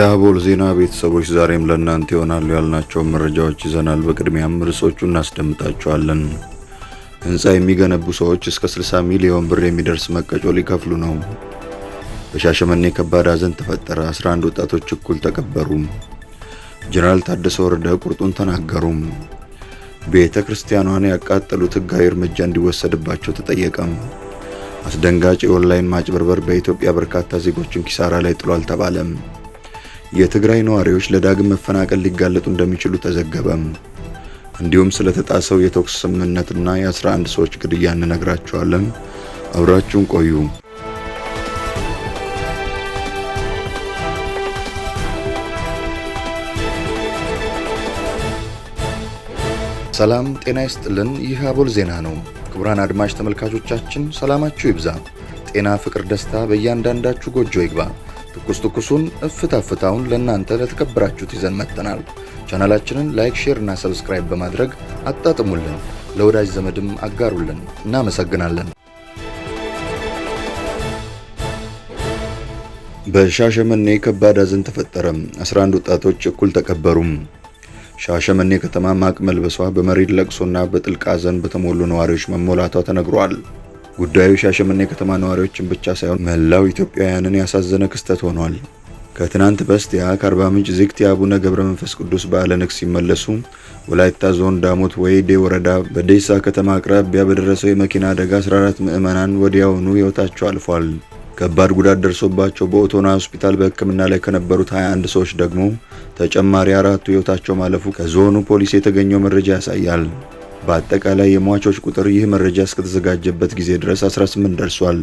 የአቦል ዜና ቤተሰቦች ዛሬም ለእናንተ ይሆናሉ ያልናቸውን መረጃዎች ይዘናል። በቅድሚያም ርዕሶቹ እናስደምጣቸዋለን። ህንፃ የሚገነቡ ሰዎች እስከ 60 ሚሊዮን ብር የሚደርስ መቀጮ ሊከፍሉ ነው። በሻሸመኔ ከባድ ሀዘን ተፈጠረ። 11 ወጣቶች እኩል ተቀበሩ። ጀነራል ታደሰ ወረደ ቁርጡን ተናገሩም። ቤተ ክርስቲያኗን ያቃጠሉት ህጋዊ እርምጃ እንዲወሰድባቸው ተጠየቀም። አስደንጋጭ የኦንላይን ማጭበርበር በኢትዮጵያ በርካታ ዜጎችን ኪሳራ ላይ ጥሏል ተባለም። የትግራይ ነዋሪዎች ለዳግም መፈናቀል ሊጋለጡ እንደሚችሉ ተዘገበም። እንዲሁም ስለተጣሰው የተኩስ ስምምነትና የ11 ሰዎች ግድያ እንነግራችኋለን። አብራችሁን ቆዩ። ሰላም ጤና ይስጥልን። ይህ አቦል ዜና ነው። ክቡራን አድማጭ ተመልካቾቻችን ሰላማችሁ ይብዛ፣ ጤና፣ ፍቅር፣ ደስታ በእያንዳንዳችሁ ጎጆ ይግባ። ትኩስ ትኩሱን እፍታ ፍታውን ለእናንተ ለተከበራችሁት ይዘን መጥተናል። ቻናላችንን ላይክ፣ ሼር እና ሰብስክራይብ በማድረግ አጣጥሙልን፣ ለወዳጅ ዘመድም አጋሩልን። እናመሰግናለን። በሻሸመኔ ከባድ ሐዘን ተፈጠረ። 11 ወጣቶች እኩል ተቀበሩም። ሻሸመኔ ከተማ ማቅ መልበሷ በመሪድ ለቅሶና በጥልቅ ሐዘን በተሞሉ ነዋሪዎች መሞላቷ ተነግሯል። ጉዳዩ ሻሸመኔ ከተማ ነዋሪዎችን ብቻ ሳይሆን መላው ኢትዮጵያውያንን ያሳዘነ ክስተት ሆኗል። ከትናንት በስቲያ ከአርባ ምንጭ ዝግት የአቡነ ገብረ መንፈስ ቅዱስ በዓለ ንግስ ሲመለሱ ወላይታ ዞን ዳሞት ወይዴ ወረዳ በዴሳ ከተማ አቅራቢያ በደረሰው የመኪና አደጋ 14 ምዕመናን ወዲያውኑ ሕይወታቸው አልፏል። ከባድ ጉዳት ደርሶባቸው በኦቶና ሆስፒታል በሕክምና ላይ ከነበሩት 21 ሰዎች ደግሞ ተጨማሪ አራቱ ሕይወታቸው ማለፉ ከዞኑ ፖሊስ የተገኘው መረጃ ያሳያል። በአጠቃላይ የሟቾች ቁጥር ይህ መረጃ እስከተዘጋጀበት ጊዜ ድረስ 18 ደርሷል።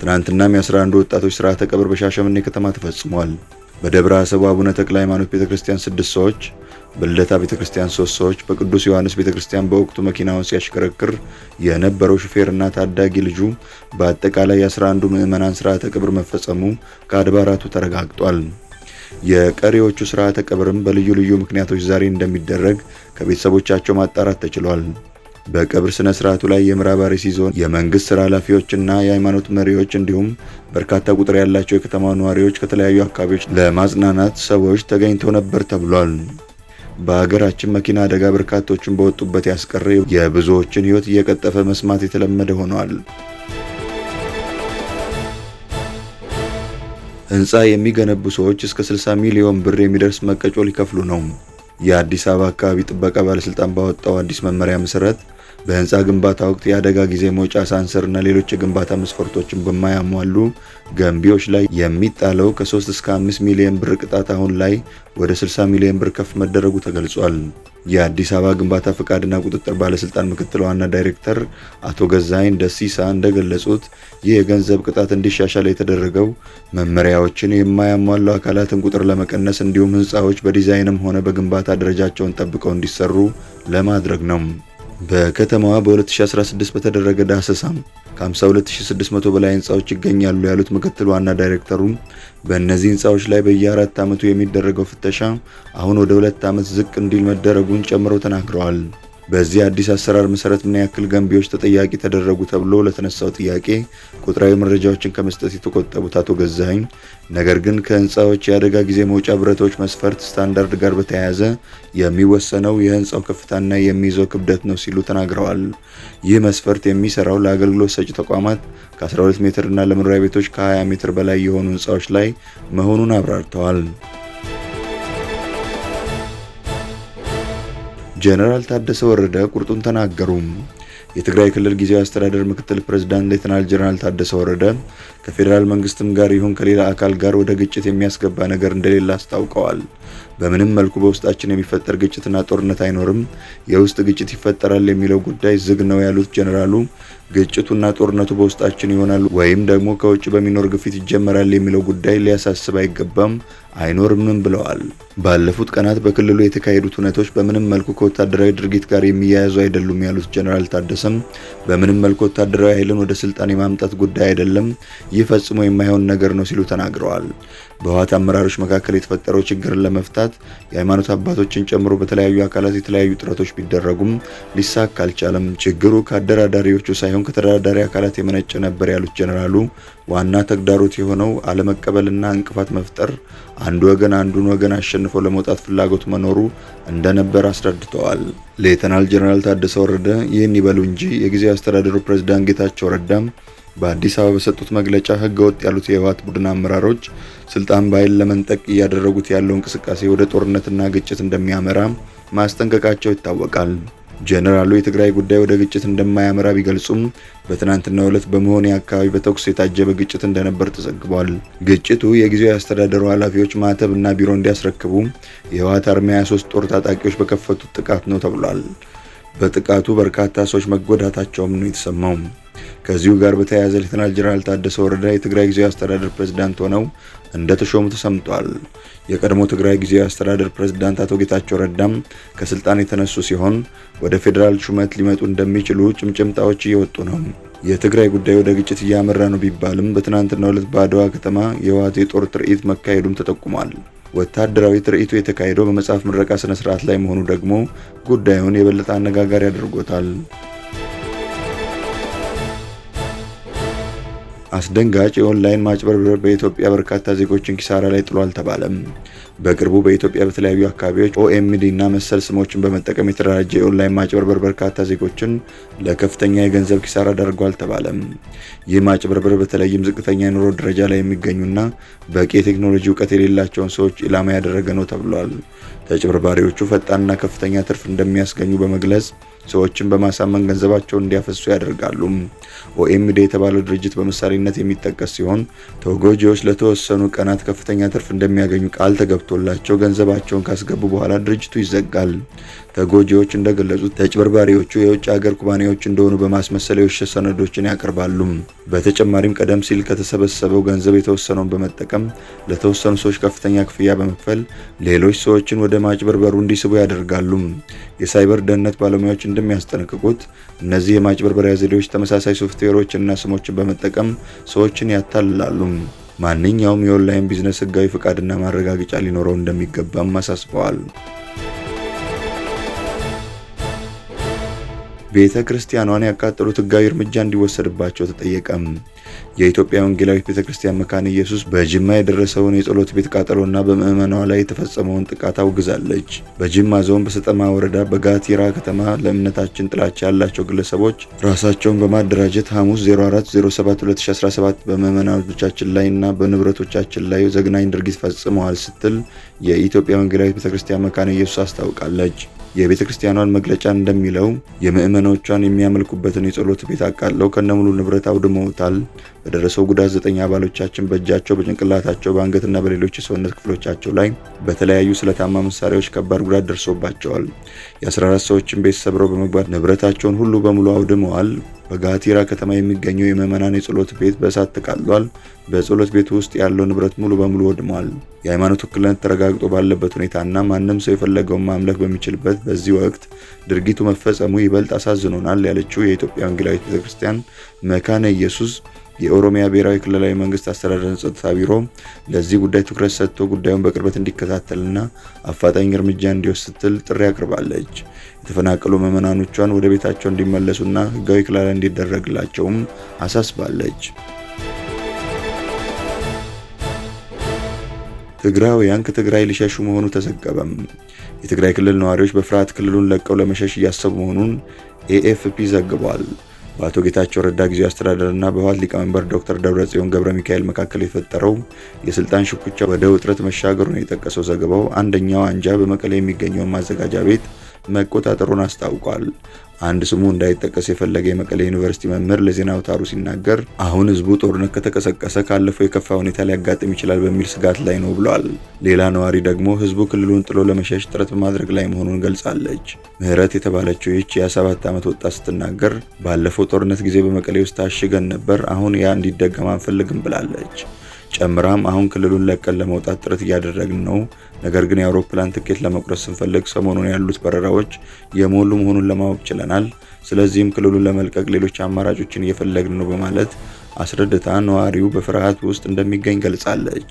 ትናንትናም የ11 ወጣቶች ስርዓተ ቀብር በሻሸመኔ ከተማ ተፈጽሟል። በደብረ አሰቡ አቡነ ተክለ ሃይማኖት ቤተክርስቲያን 6 ሰዎች፣ በልደታ ቤተክርስቲያን 3 ሰዎች፣ በቅዱስ ዮሐንስ ቤተክርስቲያን በወቅቱ መኪናውን ሲያሽከረክር የነበረው ሹፌርና ታዳጊ ልጁ በአጠቃላይ የ 11 ምዕመናን ስርዓተ ቀብር መፈጸሙ ከአድባራቱ ተረጋግጧል። የቀሪዎቹ ስርዓተ ቀብርም በልዩ ልዩ ምክንያቶች ዛሬ እንደሚደረግ ከቤተሰቦቻቸው ማጣራት ተችሏል። በቀብር ስነ ስርዓቱ ላይ የምዕራብ አርሲ ዞን የመንግስት ስራ ኃላፊዎችና የሃይማኖት መሪዎች እንዲሁም በርካታ ቁጥር ያላቸው የከተማ ነዋሪዎች ከተለያዩ አካባቢዎች ለማጽናናት ሰዎች ተገኝተው ነበር ተብሏል። በሀገራችን መኪና አደጋ በርካቶችን በወጡበት ያስቀረ የብዙዎችን ህይወት እየቀጠፈ መስማት የተለመደ ሆኗል። ህንፃ የሚገነቡ ሰዎች እስከ 60 ሚሊዮን ብር የሚደርስ መቀጮ ሊከፍሉ ነው። የአዲስ አበባ አካባቢ ጥበቃ ባለስልጣን ባወጣው አዲስ መመሪያ መሰረት በህንፃ ግንባታ ወቅት የአደጋ ጊዜ መውጫ ሳንሰር እና ሌሎች የግንባታ መስፈርቶችን በማያሟሉ ገንቢዎች ላይ የሚጣለው ከ3 እስከ 5 ሚሊዮን ብር ቅጣት አሁን ላይ ወደ 60 ሚሊዮን ብር ከፍ መደረጉ ተገልጿል። የአዲስ አበባ ግንባታ ፈቃድና ቁጥጥር ባለስልጣን ምክትል ዋና ዳይሬክተር አቶ ገዛይን ደሲሳ እንደገለጹት ይህ የገንዘብ ቅጣት እንዲሻሻል የተደረገው መመሪያዎችን የማያሟሉ አካላትን ቁጥር ለመቀነስ እንዲሁም ህንፃዎች በዲዛይንም ሆነ በግንባታ ደረጃቸውን ጠብቀው እንዲሰሩ ለማድረግ ነው። በከተማዋ በ2016 በተደረገ ዳሰሳም ከ52600 በላይ ህንፃዎች ይገኛሉ ያሉት ምክትል ዋና ዳይሬክተሩም በእነዚህ ህንፃዎች ላይ በየአራት ዓመቱ የሚደረገው ፍተሻ አሁን ወደ ሁለት ዓመት ዝቅ እንዲል መደረጉን ጨምረው ተናግረዋል። በዚህ አዲስ አሰራር መሰረት ምን ያክል ገንቢዎች ተጠያቂ ተደረጉ ተብሎ ለተነሳው ጥያቄ ቁጥራዊ መረጃዎችን ከመስጠት የተቆጠቡት አቶ ገዛኸኝ ነገር ግን ከህንፃዎች የአደጋ ጊዜ መውጫ ብረቶች መስፈርት ስታንዳርድ ጋር በተያያዘ የሚወሰነው የህንፃው ከፍታና የሚይዘው ክብደት ነው ሲሉ ተናግረዋል። ይህ መስፈርት የሚሰራው ለአገልግሎት ሰጪ ተቋማት ከ12 ሜትርና ለመኖሪያ ቤቶች ከ20 ሜትር በላይ የሆኑ ህንፃዎች ላይ መሆኑን አብራርተዋል። ጄኔራል ታደሰ ወረደ ቁርጡን ተናገሩ። የትግራይ ክልል ጊዜያዊ አስተዳደር ምክትል ፕሬዝዳንት ሌተናል ጄኔራል ታደሰ ወረደ ከፌዴራል መንግስትም ጋር ይሁን ከሌላ አካል ጋር ወደ ግጭት የሚያስገባ ነገር እንደሌለ አስታውቀዋል። በምንም መልኩ በውስጣችን የሚፈጠር ግጭትና ጦርነት አይኖርም፣ የውስጥ ግጭት ይፈጠራል የሚለው ጉዳይ ዝግ ነው ያሉት ጄኔራሉ ግጭቱና ጦርነቱ በውስጣችን ይሆናል ወይም ደግሞ ከውጭ በሚኖር ግፊት ይጀመራል የሚለው ጉዳይ ሊያሳስብ አይገባም፣ አይኖርምም ብለዋል። ባለፉት ቀናት በክልሉ የተካሄዱት ሁነቶች በምንም መልኩ ከወታደራዊ ድርጊት ጋር የሚያያዙ አይደሉም ያሉት ጀኔራል ታደሰም በምንም መልኩ ወታደራዊ ኃይልን ወደ ስልጣን የማምጣት ጉዳይ አይደለም፣ ይህ ፈጽሞ የማይሆን ነገር ነው ሲሉ ተናግረዋል። በህወሓት አመራሮች መካከል የተፈጠረው ችግርን ለመፍታት የሃይማኖት አባቶችን ጨምሮ በተለያዩ አካላት የተለያዩ ጥረቶች ቢደረጉም ሊሳካ አልቻለም። ችግሩ ከአደራዳሪዎቹ ሳይሆን ከተደራዳሪ አካላት የመነጨ ነበር ያሉት ጀኔራሉ ዋና ተግዳሮት የሆነው አለመቀበልና እንቅፋት መፍጠር አንዱ ወገን አንዱን ወገን አሸንፎ ለመውጣት ፍላጎት መኖሩ እንደነበር አስረድተዋል። ሌተናል ጄኔራል ታደሰ ወረደ ይህን ይበሉ እንጂ የጊዜ አስተዳደሩ ፕሬዝዳንት ጌታቸው ረዳም በአዲስ አበባ በሰጡት መግለጫ ህገወጥ ያሉት የህወሓት ቡድን አመራሮች ስልጣን በኃይል ለመንጠቅ እያደረጉት ያለው እንቅስቃሴ ወደ ጦርነትና ግጭት እንደሚያመራ ማስጠንቀቃቸው ይታወቃል። ጄኔራሉ የትግራይ ጉዳይ ወደ ግጭት እንደማያመራ ቢገልጹም በትናንትናው ዕለት በመሆን አካባቢ በተኩስ የታጀበ ግጭት እንደነበር ተዘግቧል። ግጭቱ የጊዜው የአስተዳደሩ ኃላፊዎች ማዕተብ እና ቢሮ እንዲያስረክቡ የህወሓት አርሚ 23 ጦር ታጣቂዎች በከፈቱት ጥቃት ነው ተብሏል። በጥቃቱ በርካታ ሰዎች መጎዳታቸውም ነው የተሰማው። ከዚሁ ጋር በተያያዘ ሌተናል ጀነራል ታደሰ ወረዳ የትግራይ ጊዜያዊ አስተዳደር ፕሬዝዳንት ሆነው እንደተሾሙ ተሰምቷል። የቀድሞ ትግራይ ጊዜያዊ አስተዳደር ፕሬዝዳንት አቶ ጌታቸው ረዳም ከስልጣን የተነሱ ሲሆን ወደ ፌዴራል ሹመት ሊመጡ እንደሚችሉ ጭምጭምታዎች እየወጡ ነው። የትግራይ ጉዳይ ወደ ግጭት እያመራ ነው ቢባልም በትናንትናው ዕለት በአድዋ ከተማ የህወሓት የጦር ትርኢት መካሄዱም ተጠቁሟል። ወታደራዊ ትርኢቱ የተካሄደው በመጽሐፍ ምረቃ ስነ ስርዓት ላይ መሆኑ ደግሞ ጉዳዩን የበለጠ አነጋጋሪ አድርጎታል። አስደንጋጭ የኦንላይን ማጭበርበር በኢትዮጵያ በርካታ ዜጎችን ኪሳራ ላይ ጥሏል ተባለም። በቅርቡ በኢትዮጵያ በተለያዩ አካባቢዎች ኦኤምዲ እና መሰል ስሞችን በመጠቀም የተደራጀ የኦንላይን ማጭበርበር በርካታ ዜጎችን ለከፍተኛ የገንዘብ ኪሳራ ዳርጓል ተባለም። ይህ ማጭበርበር በተለይም ዝቅተኛ የኑሮ ደረጃ ላይ የሚገኙና በቂ የቴክኖሎጂ እውቀት የሌላቸውን ሰዎች ኢላማ ያደረገ ነው ተብሏል። ለአጭበርባሪዎቹ ፈጣንና ከፍተኛ ትርፍ እንደሚያስገኙ በመግለጽ ሰዎችን በማሳመን ገንዘባቸውን እንዲያፈሱ ያደርጋሉ። ኦኤምዲ የተባለው ድርጅት በምሳሌነት የሚጠቀስ ሲሆን ተጎጂዎች ለተወሰኑ ቀናት ከፍተኛ ትርፍ እንደሚያገኙ ቃል ተገብቶላቸው ገንዘባቸውን ካስገቡ በኋላ ድርጅቱ ይዘጋል። ተጎጂዎች እንደገለጹት ተጭበርባሪዎቹ የውጭ ሀገር ኩባንያዎች እንደሆኑ በማስመሰል የውሸ ሰነዶችን ያቀርባሉ። በተጨማሪም ቀደም ሲል ከተሰበሰበው ገንዘብ የተወሰነውን በመጠቀም ለተወሰኑ ሰዎች ከፍተኛ ክፍያ በመክፈል ሌሎች ሰዎችን ወደ ማጭበርበሩ እንዲስቡ ያደርጋሉ። የሳይበር ደህንነት ባለሙያዎች እንደሚያስጠነቅቁት እነዚህ የማጭበርበሪያ ዘዴዎች ተመሳሳይ ሶፍትዌሮች እና ስሞችን በመጠቀም ሰዎችን ያታልላሉ። ማንኛውም የኦንላይን ቢዝነስ ህጋዊ ፍቃድና ማረጋገጫ ሊኖረው እንደሚገባም አሳስበዋል። ቤተ ክርስቲያኗን ያቃጠሉት ሕጋዊ እርምጃ እንዲወሰድባቸው ተጠየቀም። የኢትዮጵያ ወንጌላዊት ቤተ ክርስቲያን መካነ ኢየሱስ በጅማ የደረሰውን የጸሎት ቤት ቃጠሎና በምዕመኗ ላይ የተፈጸመውን ጥቃት አውግዛለች። በጅማ ዞን በሰጠማ ወረዳ በጋቲራ ከተማ ለእምነታችን ጥላቻ ያላቸው ግለሰቦች ራሳቸውን በማደራጀት ሐሙስ 04072017 በምዕመናኖቻችን ላይ እና በንብረቶቻችን ላይ ዘግናኝ ድርጊት ፈጽመዋል ስትል የኢትዮጵያ ወንጌላዊት ቤተክርስቲያን መካነ ኢየሱስ አስታውቃለች። የቤተ ክርስቲያኗን መግለጫ እንደሚለው የምዕመኖቿን የሚያመልኩበትን የጸሎት ቤት አቃለው ከነሙሉ ንብረት አውድመውታል። በደረሰው ጉዳት ዘጠኝ አባሎቻችን በእጃቸው፣ በጭንቅላታቸው፣ በአንገትና በሌሎች የሰውነት ክፍሎቻቸው ላይ በተለያዩ ስለታማ መሳሪያዎች ከባድ ጉዳት ደርሶባቸዋል። የ14 ሰዎችን ቤት ሰብረው በመግባት ንብረታቸውን ሁሉ በሙሉ አውድመዋል። በጋቲራ ከተማ የሚገኘው የምዕመናን የጸሎት ቤት በእሳት ተቃጥሏል። በጸሎት ቤቱ ውስጥ ያለው ንብረት ሙሉ በሙሉ ወድሟል። የሃይማኖት ውክልነት ተረጋግጦ ባለበት ሁኔታና ማንም ሰው የፈለገውን ማምለክ በሚችልበት በዚህ ወቅት ድርጊቱ መፈጸሙ ይበልጥ አሳዝኖናል ያለችው የኢትዮጵያ ወንጌላዊት ቤተክርስቲያን መካነ ኢየሱስ የኦሮሚያ ብሔራዊ ክልላዊ መንግስት አስተዳደር ጸጥታ ቢሮ ለዚህ ጉዳይ ትኩረት ሰጥቶ ጉዳዩን በቅርበት እንዲከታተልና አፋጣኝ እርምጃ እንዲወስድ ስትል ጥሪ አቅርባለች። የተፈናቀሉ ምዕመናኖቿን ወደ ቤታቸው እንዲመለሱና ህጋዊ ክልላ እንዲደረግላቸውም አሳስባለች። ትግራውያን ከትግራይ ሊሸሹ መሆኑ ተዘገበም። የትግራይ ክልል ነዋሪዎች በፍርሃት ክልሉን ለቀው ለመሸሽ እያሰቡ መሆኑን ኤኤፍፒ ዘግቧል። በአቶ ጌታቸው ረዳ አስተዳደር አስተዳደርና በህወሓት ሊቀመንበር ዶክተር ደብረጽዮን ገብረ ሚካኤል መካከል የተፈጠረው የስልጣን ሽኩቻ ወደ ውጥረት መሻገሩን የጠቀሰው ዘገባው አንደኛው አንጃ በመቀሌ የሚገኘውን ማዘጋጃ ቤት መቆጣጠሩን አስታውቋል። አንድ ስሙ እንዳይጠቀስ የፈለገ የመቀሌ ዩኒቨርሲቲ መምህር ለዜና አውታሩ ሲናገር አሁን ህዝቡ ጦርነት ከተቀሰቀሰ ካለፈው የከፋ ሁኔታ ሊያጋጥም ይችላል በሚል ስጋት ላይ ነው ብሏል። ሌላ ነዋሪ ደግሞ ህዝቡ ክልሉን ጥሎ ለመሸሽ ጥረት በማድረግ ላይ መሆኑን ገልጻለች። ምህረት የተባለችው ይች የ27 ዓመት ወጣት ስትናገር ባለፈው ጦርነት ጊዜ በመቀሌ ውስጥ ታሽገን ነበር፣ አሁን ያ እንዲደገም አንፈልግም ብላለች። ጨምራም አሁን ክልሉን ለቀን ለመውጣት ጥረት እያደረግን ነው። ነገር ግን የአውሮፕላን ትኬት ለመቁረጥ ስንፈልግ ሰሞኑን ያሉት በረራዎች የሞሉ መሆኑን ለማወቅ ችለናል። ስለዚህም ክልሉን ለመልቀቅ ሌሎች አማራጮችን እየፈለግን ነው በማለት አስረድታ ነዋሪው በፍርሃት ውስጥ እንደሚገኝ ገልጻለች።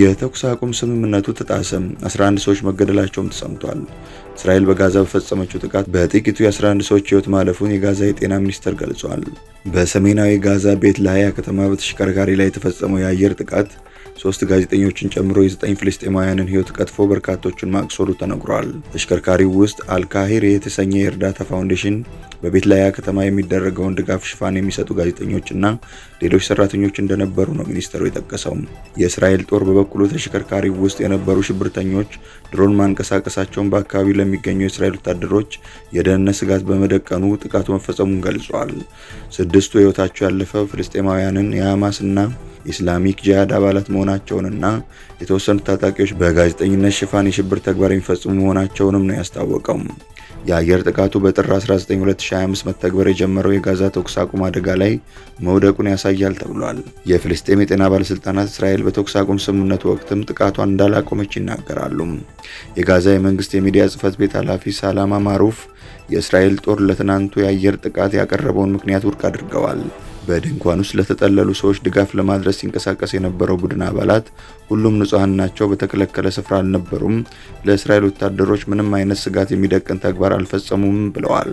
የተኩስ አቁም ስምምነቱ ተጣሰ። 11 ሰዎች መገደላቸውም ተሰምቷል። እስራኤል በጋዛ በፈጸመችው ጥቃት በጥቂቱ የ11 ሰዎች ህይወት ማለፉን የጋዛ የጤና ሚኒስቴር ገልጿል። በሰሜናዊ ጋዛ ቤት ላህያ ከተማ በተሽከርካሪ ላይ የተፈጸመው የአየር ጥቃት ሶስት ጋዜጠኞችን ጨምሮ የዘጠኝ ፍልስጤማውያንን ህይወት ቀጥፎ በርካቶችን ማቅሰሉ ተነግሯል። ተሽከርካሪው ውስጥ አልካሂር የተሰኘ የእርዳታ ፋውንዴሽን በቤት ላያ ከተማ የሚደረገውን ድጋፍ ሽፋን የሚሰጡ ጋዜጠኞችና ሌሎች ሰራተኞች እንደነበሩ ነው ሚኒስተሩ የጠቀሰው። የእስራኤል ጦር በበኩሉ ተሽከርካሪ ውስጥ የነበሩ ሽብርተኞች ድሮን ማንቀሳቀሳቸውን በአካባቢው ለሚገኙ የእስራኤል ወታደሮች የደህንነት ስጋት በመደቀኑ ጥቃቱ መፈጸሙን ገልጿል። ስድስቱ ህይወታቸው ያለፈው ፍልስጤማውያንን የሐማስና ኢስላሚክ ጂሃድ አባላት መሆናቸውንና የተወሰኑ ታጣቂዎች በጋዜጠኝነት ሽፋን የሽብር ተግባር የሚፈጽሙ መሆናቸውንም ነው ያስታወቀው። የአየር ጥቃቱ በጥር 19 2025 መተግበር የጀመረው የጋዛ ተኩስ አቁም አደጋ ላይ መውደቁን ያሳያል ተብሏል። የፍልስጤም የጤና ባለሥልጣናት እስራኤል በተኩስ አቁም ስምምነቱ ወቅትም ጥቃቷን እንዳላቆመች ይናገራሉ። የጋዛ የመንግሥት የሚዲያ ጽሕፈት ቤት ኃላፊ ሳላማ ማሩፍ የእስራኤል ጦር ለትናንቱ የአየር ጥቃት ያቀረበውን ምክንያት ውድቅ አድርገዋል። በድንኳን ውስጥ ለተጠለሉ ሰዎች ድጋፍ ለማድረስ ሲንቀሳቀስ የነበረው ቡድን አባላት ሁሉም ንጹሐን ናቸው፣ በተከለከለ ስፍራ አልነበሩም፣ ለእስራኤል ወታደሮች ምንም አይነት ስጋት የሚደቅን ተግባር አልፈጸሙም ብለዋል።